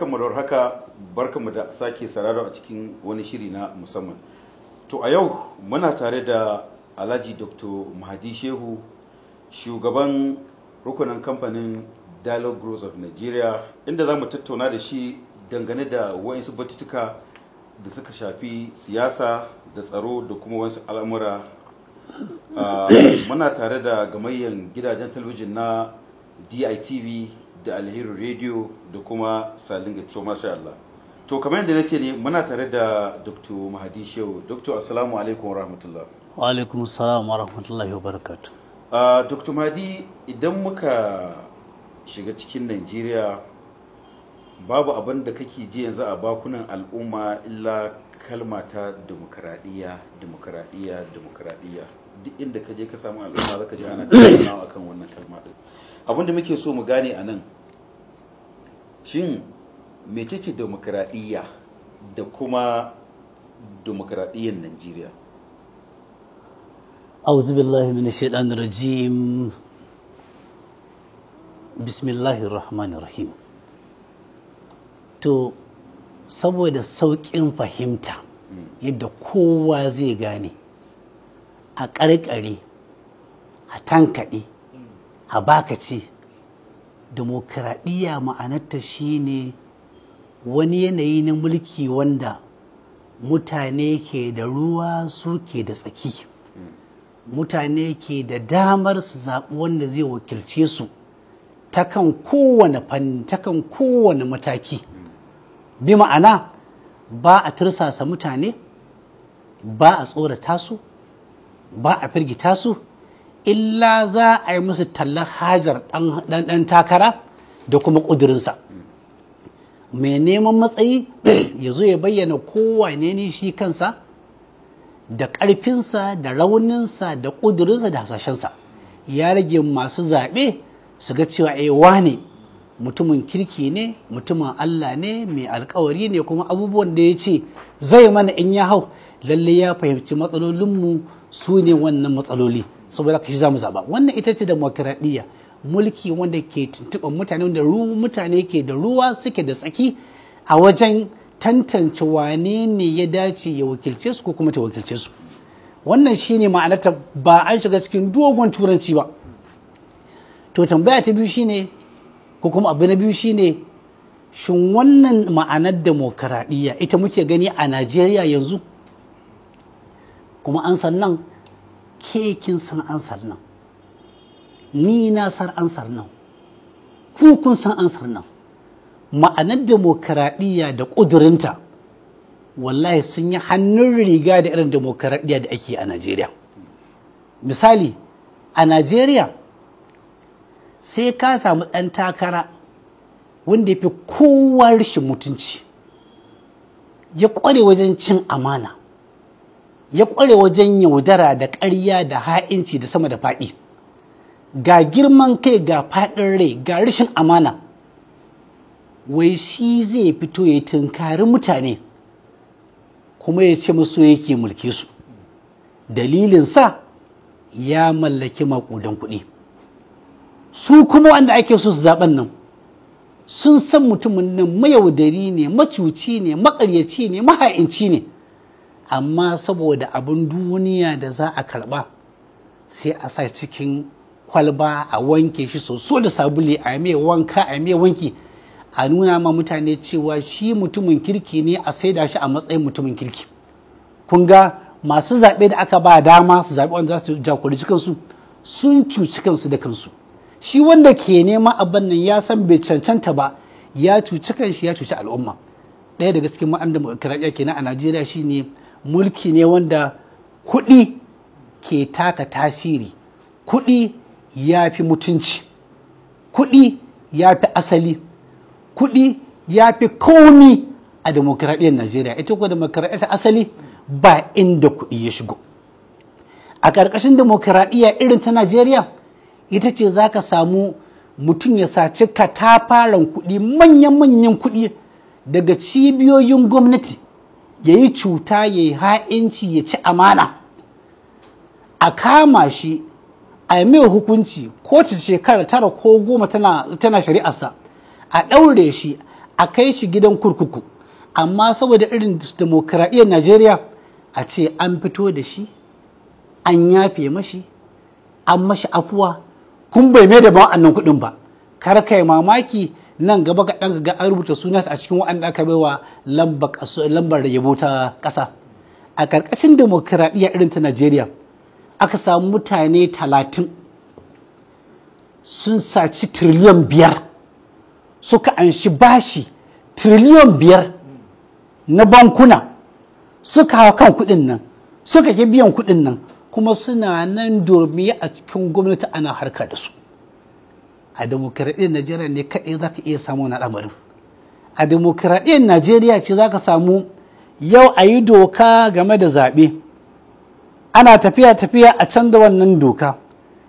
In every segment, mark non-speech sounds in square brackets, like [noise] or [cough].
barkanmu da haka mu da sake sararo a cikin wani shiri na musamman to a yau muna tare da alhaji dr mahadi shehu shugaban rukunin kamfanin dialogue growth of nigeria inda za mu tattauna da shi dangane da wa'insu batutuka da suka shafi siyasa da tsaro da kuma wasu al'amura ah, muna tare da gamayyan gidajen talabijin na DITV da alherin radio da kuma salinga to masu Allah to kamar yadda na ce ne muna tare da dr mahadi shehu dr assalamu alaikum wa rahmatullah wa alaikum assalam wa rahmatullahi wa barakatu uh, dr mahadi idan muka shiga cikin najeriya babu abin da kake ji yanzu a bakunan al'umma illa kalma ta demokaradiyya demokaradiyya demokaradiyya duk inda ka je ka samu al'umma zaka ji ana tattaunawa akan wannan kalma din abin da muke so mu gane a nan shin mecece demokradiyya da kuma demokradiyyar najeriya أعوذ بالله من الشيطان الرجيم بسم الله to saboda sauƙin fahimta hmm. yadda kowa zai gane a ƙarƙari, a tankaɗe hmm. a bakace demokradiyya ma'anarta shi ne wani yanayi na mulki wanda mutane ke da ruwa su ke da tsaki mutane ke da damar su zaɓi wanda zai wakilce su kan kowane fanni kan kowane mataki bi ma'ana ba a tursasa mutane ba a tsorata su ba a firgita su illa za a yi musu tallar hajar ɗan takara da kuma ƙudurinsa mai neman matsayi [clears throat] ya zo ya bayyana kowane ne shi kansa da ƙarfinsa da rauninsa da ƙudurinsa da hasashensa ya rage masu zaɓe su ga cewa eh wane mutumin kirki ne mutumin allah ne mai alkawari ne kuma abubuwan da ya ce zai mana in ya hau lalle ya fahimci matsalolinmu su ne wannan matsaloli saboda ka shi za mu zaba wannan ita ce demokradiyya mulki wanda ke tuntuɓar mutane wanda mutane ke da ruwa suke da tsaki a wajen tantance wane ne ya dace ya wakilce su ko kuma ta wakilce su wannan shine ma'anarta ba an shiga cikin dogon turanci ba to tambaya ta biyu shine ko kuma abu na biyu shine shin wannan ma'anar demokradiyya ita muke gani a najeriya yanzu kuma an san nan Kekin kin san ansar nan ni na san ansar nan ku kun san ansar nan ma'anar demokaradiyya da ƙudurinta wallahi sun yi hannun riga da irin demokaradiyya da ake a najeriya misali a najeriya sai ka samu ɗan takara wanda ya fi kowa rashin mutunci ya ƙware wajen cin amana ya ƙware wajen yaudara da ƙarya da ha'inci da sama da faɗi ga girman kai ga faɗin rai ga rashin amana wai shi zai fito ya tunkari mutane kuma ya ce maso yake mulke su dalilinsa ya mallaki makudan kuɗi su kuma wanda ake so su zaɓen nan sun san mutumin nan mayaudari ne macuci ne maƙaryaci ne maha'inci ne amma saboda abin duniya da za a karba sai a sa cikin kwalba a wanke shi soso da sabuli a mai wanka a mai wanki a nuna ma mutane cewa shi mutumin kirki ne a sai da shi a matsayin mutumin kirki kun ga masu zaɓe da aka ba dama su zaɓi wanda za su jagoranci kansu sun cuci kansu da kansu shi wanda ke nema abin nan ya san bai cancanta ba ya cuci kanshi ya cuci al'umma ɗaya daga cikin ma'an da kenan a najeriya shine mulki ne wanda kuɗi ke taka tasiri kuɗi ya fi mutunci kuɗi ya fi asali kuɗi ya fi komi a demokradiyyar najeriya ita kuwa demokradiyyar ta asali ba inda kuɗi ya shigo a ƙarƙashin demokradiyya irin ta najeriya ita ce za ka samu mutum ya saci katafaren kuɗi manya manyan kuɗi daga cibiyoyin gwamnati ya yi cuta ya yi ha'inci ya ci amana a kama shi a yi mai hukunci kotu shekara tara ko goma tana shari'arsa a ɗaure shi a kai shi gidan kurkuku amma saboda irin demokradiyyar najeriya a ce an fito da shi an yafe mashi an mashi afuwa kun bai mai da ba kuɗin ba kar kai mamaki nan gaba ka ɗan ga an rubuta sunan a cikin wa'anda aka baiwa lambar yabo ta ƙasa a ƙarƙashin demokuraɗiyya irin ta najeriya aka samu mutane talatin sun saci tiriliyan biyar suka anshi bashi tiriliyan biyar na bankuna suka hawa kan kuɗin nan suka ke biyan kuɗin nan kuma suna nan domin a cikin gwamnati ana harka da su a demokaraɗiyyar najeriya ne kaɗai za ka iya samu na ɗamarin a demokaraɗiyyar najeriya ce za ka samu yau a yi doka game da zaɓe ana tafiya tafiya a canza wannan doka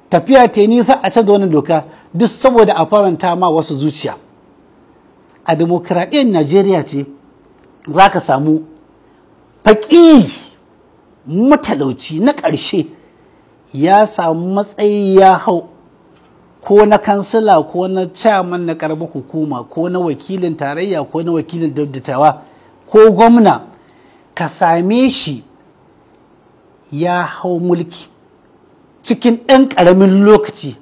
tafiya ta nisa a canza wannan doka duk saboda a faranta ma wasu zuciya a demokaraɗiyyar najeriya ce za ka samu faƙi matalauci na ƙarshe ya samu matsayi ya hau ko na kansila ko na chairman na karamar hukuma ko na wakilin tarayya ko na wakilin daddatawa ko gwamna ka same shi ya hau mulki cikin ɗan ƙaramin lokaci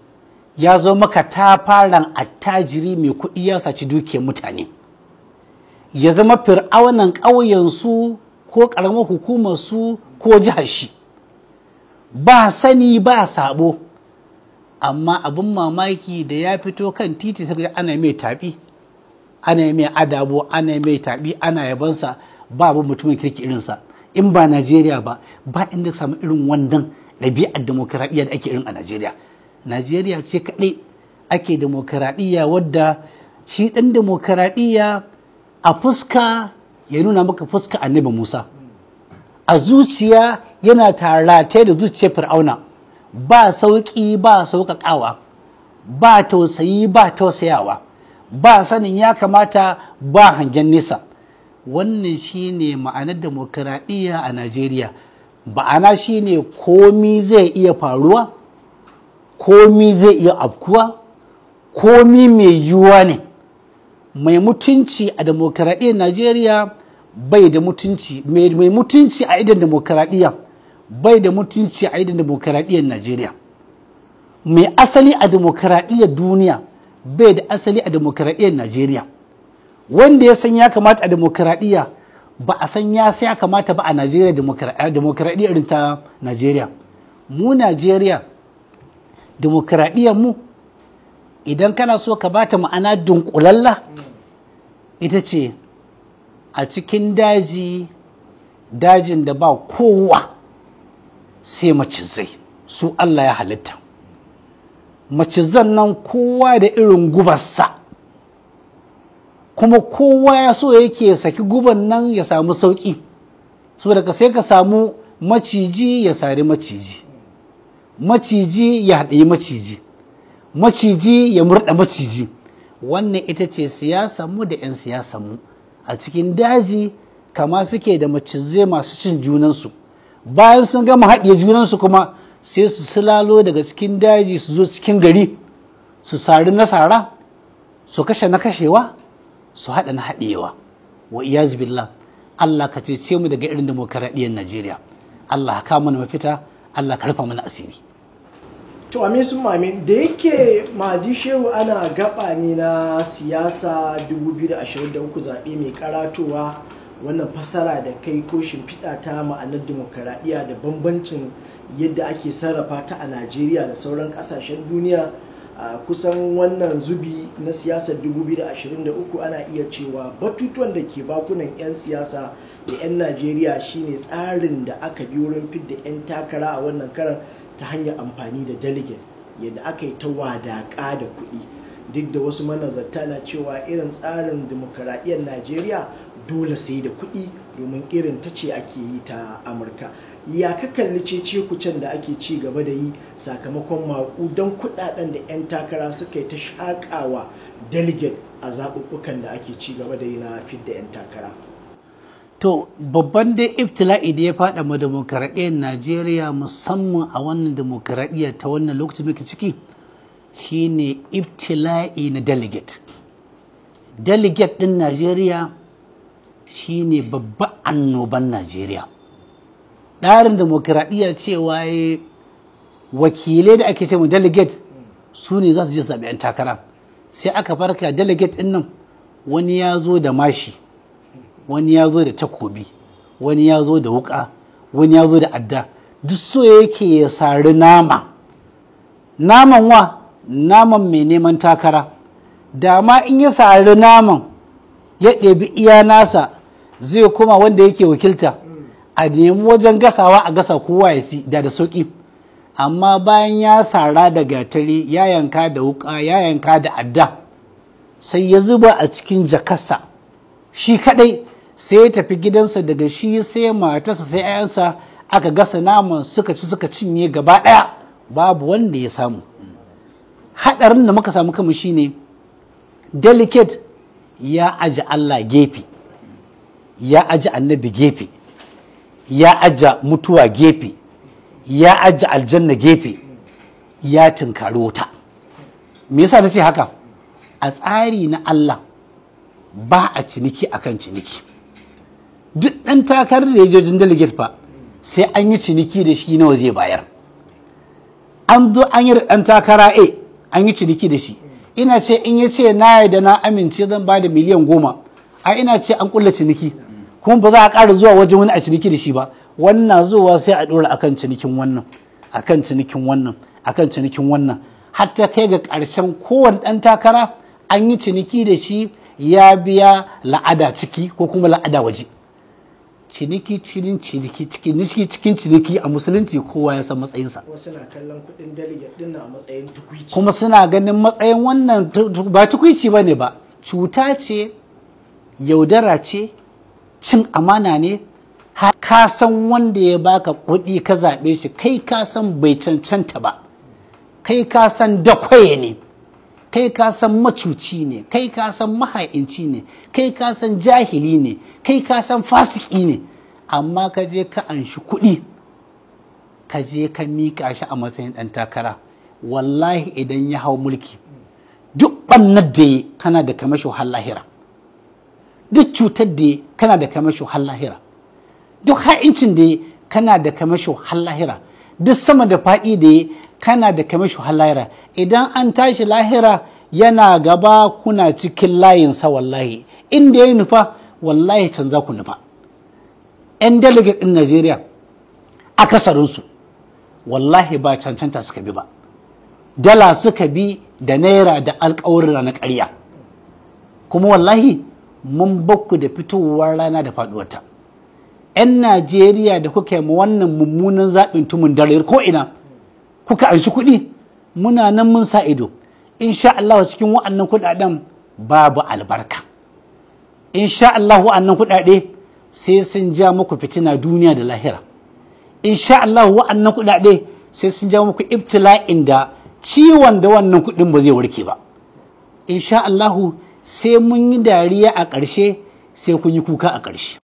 ya zo maka tafaran attajiri mai kuɗi ya saci dukiyar mutane ya zama fir'aunan ƙauyensu ko ƙaramar hukumarsu ko jihar shi ba sani ba sabo amma abin mamaki da ya fito kan titi sai ana mai tabi ana mai adabo ana mai tabi ana yabansa ba abin mutumin kirki irinsa in ba najeriya ba ba inda samu irin wannan ɗabi'ar demokuraɗiyya da ake irin a najeriya najeriya ce kaɗai ake demokuraɗiyya wadda shi ɗan demokuraɗiyya a fuska ya nuna maka fuska annabi musa a zuciya yana tarate da zuciyar fir'auna ba sauƙi ba sauƙaƙawa ba tausayi ba tausayawa ba sanin ya kamata ba hangen nesa wannan shi ne ma'anar demokuraɗiyya a najeriya shi ne komi zai iya faruwa komi zai iya afkuwa komi mai yiwuwa ne mai mutunci a demokuraɗiyyar najeriya bai da mutunci mai mutunci a idan demokuraɗiyya bai da mutunci a idan demokaradiyyar najeriya mai asali a demokaradiyyar duniya bai da asali a demokaradiyyar najeriya wanda ya san ya kamata a demokaradiyya ba a san ya sai ya kamata ba a najeriya demokaradiyyar ta najeriya mu najeriya demokaradiyyar mu idan kana so ka bata ma'ana dunkulalla ita ce a cikin daji dajin da ba kowa sai macizai su Allah ya halitta macizan nan kowa da irin gubarsa kuma kowa ya so yake saki guban nan ya samu sauƙi saboda daga sai ka samu maciji ya sari maciji maciji ya haɗe maciji maciji ya murɗa maciji wannan ita ce siyasanmu da 'yan siyasanmu a cikin daji kama suke da macizai masu cin junansu bayan sun gama haɗiye junansu kuma sai su silalo daga cikin daji su zo cikin gari su sari nasara, su kashe na kashewa su haɗa na haɗewa wa iyaz billah Allah ka cece mu daga irin demokaradiyyar Najeriya Allah ka mana mafita Allah ka rufa mana asiri to amin sun da yake madi shehu ana gaba ne na siyasa 2023 zaɓe mai karatowa wannan fassara da kai ko shimfiɗa ta ma'anar demokaradiyya da bambancin yadda ake sarrafa ta a najeriya da sauran ƙasashen duniya a kusan wannan zubi na siyasar 2023 ana iya cewa batutuwan da ke bakunan 'yan siyasa da 'yan najeriya shine tsarin da aka bi wurin fidda 'yan takara a wannan karan ta hanyar amfani da delegate yadda aka yi ta wadaƙa da kuɗi duk da wasu manazarta na cewa irin tsarin demokaradiyyar najeriya dole sai da kuɗi domin irin ta ce ake yi ta amurka ya ka kalli cece kucin da ake ci gaba da yi sakamakon maƙudan kuɗaɗen da 'yan takara suka yi ta shaƙawa delegate a zaɓuɓɓukan da ake ci gaba da yi na fidda 'yan takara To babban dai iftila'i da ya faɗa ma demokaradiyyar Najeriya musamman a wannan demokaradiyyar ta wannan lokacin muke ciki shine iftila'i na delegate. Delegate ɗin Najeriya shine babba annoban najeriya ɗarin demokuraɗiyya cewa wakilai da ake ce mu delegate su ne za su je zaɓe 'yan takara sai aka farka delegate ɗin nan wani ya zo da mashi wani ya zo da takobi wani ya zo da wuƙa, wani ya zo da adda duk so yake ya sari nama naman wa naman mai neman takara dama in ya sari naman ya ɗebi iya nasa zai koma wanda yake wakilta a nemi wajen gasawa a gasa kowa ya si, da da sauki amma bayan ya sara da gatari ya yanka da wuka ya yanka da adda sai ya zuba a cikin jakarsa shi kadai sai ya tafi gidansa daga shi sai matarsa sai 'ya'yansa aka gasa naman suka ci suka cinye gaba ɗaya babu wanda ya samu haɗarin da muka samu kama shine delicate ya aji Allah gefe ya aji annabi gefe ya aji mutuwa gefe ya aji aljanna gefe ya tunkari wuta me yasa nace haka a tsari na Allah ba a ciniki akan ciniki duk ɗan takarar da yajojin delegate fa sai an yi ciniki da shi nawa zai bayar an zo an yi dan takara a an yi ciniki da shi ina ce in yace ce na da na amince zan ba da miliyan goma a ina ce an kulla ciniki kuma ba za a ƙara zuwa wajen wani a ciniki da shi ba wannan zuwa sai a ɗora akan cinikin wannan akan cinikin wannan akan cinikin wannan hatta kai ga ƙarshen kowane ɗan takara an yi ciniki da shi ya biya la'ada ciki ko kuma la'ada waje ciniki cinin ciniki cikin cikin ciniki a musulunci kowa ya san matsayinsa kuma suna ganin matsayin wannan ba tukwici ba ne ba cuta ce yaudara ce cin amana ne ka san wanda ya baka kuɗi ka zaɓe shi kai ka san bai cancanta ba kai ka san dakwaye ne kai ka san macuci ne kai ka san maha'inci ne kai ka san jahili ne kai ka san fasiki ne amma ka je ka anshi kuɗi ka je ka miƙa shi a matsayin ɗan takara wallahi idan ya hau mulki duk ɓannar da kana da kamashi har lahira duk cutar da kana da kamasho har lahira duk ha'incin da kana da kamasho har lahira duk sama da faɗi da kana da kamasho har lahira idan an tashi lahira yana gaba kuna cikin layinsa wallahi inda ya nufa wallahi canza za ku nufa 'yan delegate ɗin najeriya akasarinsu wallahi ba cancanta suka bi ba dala suka bi da naira da alkawarin na ƙarya kuma wallahi mun bakku da fitowar rana da ta yan najeriya da kuka yi wannan mummunan zaɓin tumun dare ko ina kuka shi kuɗi muna nan mun sa ido insha Allah cikin wa'annan kuɗaɗen babu albarka insha Allah wa'annan kuɗaɗe sai sun ja muku fitina duniya da lahira insha Allah wa'annan kuɗaɗe sai sun ja muku ibtila'in da ciwon da wannan kuɗin ba zai warke ba insha Allah sai mun yi dariya a ƙarshe sai kun yi kuka a ƙarshe